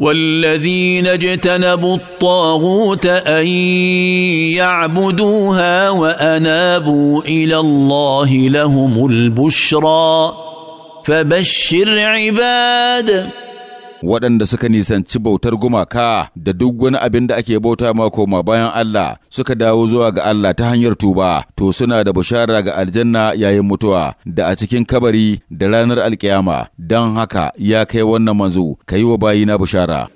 والذين اجتنبوا الطاغوت ان يعبدوها وانابوا الى الله لهم البشرى فبشر عباد waɗanda suka nisanci bautar gumaka da duk wani abin da ake bauta ma koma bayan Allah suka dawo zuwa ga Allah ta hanyar tuba to suna da bushara ga aljanna yayin mutuwa da a cikin kabari da ranar alkiyama don haka ya kai wannan manzo ka yi wa bayina bushara